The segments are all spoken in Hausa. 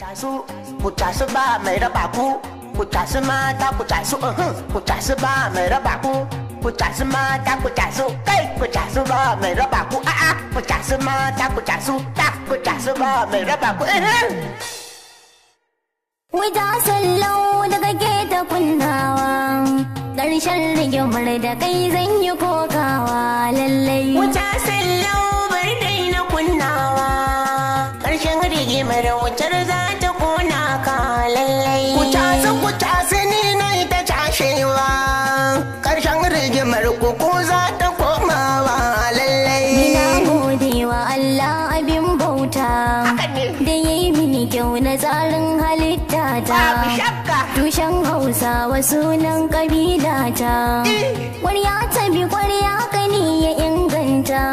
trái su một trái số ba mày đã bảo cu một trái số mai tao một trái số ở ờ, hưng một trái số ba mày đã bảo cu một trái số mai tao một trái số cây một trái số ba mày đã bảo cu a a một trái số mai tao một trái số ta một trái số ba mày đã bảo cu ê hưng وتعسلوا دقيقة كناوا قال شر يوم لدى كي زين يكوكاوا للي وتعسلوا بردين كناوا قال شر يمر وترزاوا Tushen Hausawa sunan kabila ta. Kwarya eh. ta bi kwarya gani ya inganta.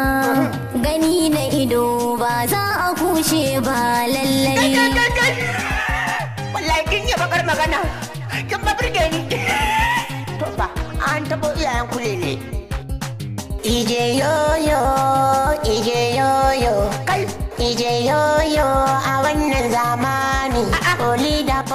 Mm. Gani na ido ba za a kushe ba lallai. Wallahi kin yi ije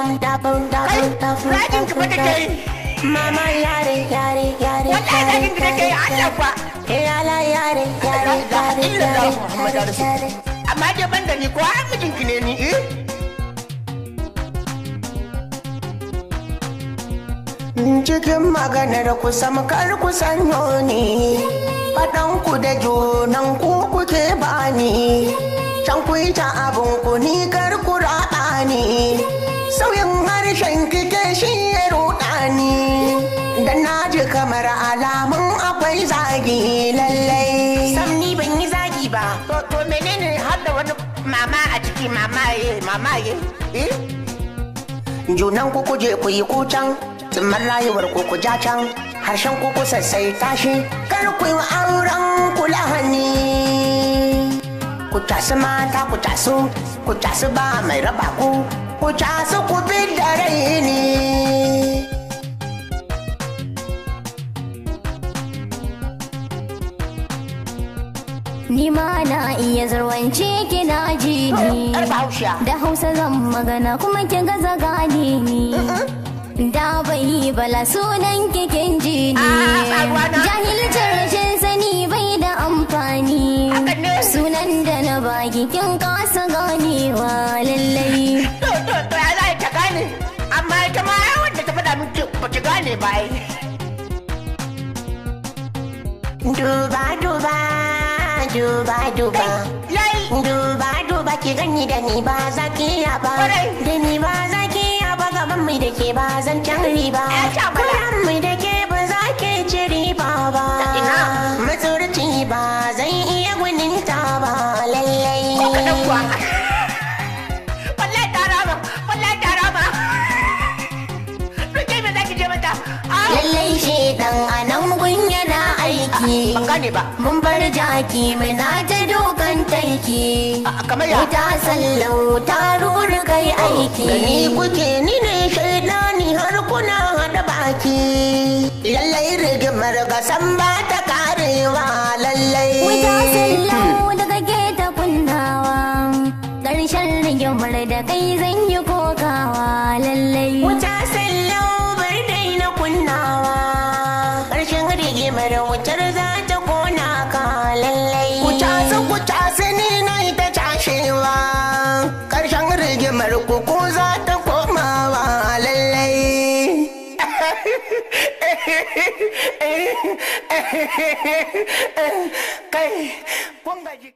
mama amma ke ban da ni ko har mijin ki ne ni eh cikin maganar kusan kar kusan yoni faɗanku da junan ku kuke bani can ku yi ta abin ku ni kar ku raɗa ni sauyin harshen kike shi ya ruɗa ni da na ji kamar alamun akwai zagi lallai sam ni ban yi zagi ba to to menene har da wani mama a ciki mama ye mama ye eh? junan ku kuje ku yi kucan tsimman layuwar ku ku ja can harshen ku ku sassai tashi kar ku yi auren ku lahani ku tasu mata ku tasu ku tasu ba mai raba ku ku tasu ku bin da raini. Ni ma na iya zarwance kina ji ni. Oh, da Hausa zan magana kuma ki gaza gani ni. Da bai bala sunan kikin ji ni. Ah, baki gane ba Duba duba duba duba Duba duba ki gani da ni ba za ki iya ba Da ni ba za ki iya ba gaban mai da ke ba zan can riba Kuran mai da ke ba za ke ci riba ba Matsurci ba zan iya gwaninta taki ban ba mun bar jaki muna ta dokan taiki kamar ya ta sallau ta ruru kai aiki gani kuke ni ne shaidani har kuna hada baki lallai rigimar gasan ba ta karewa lallai Quem? Bunda de...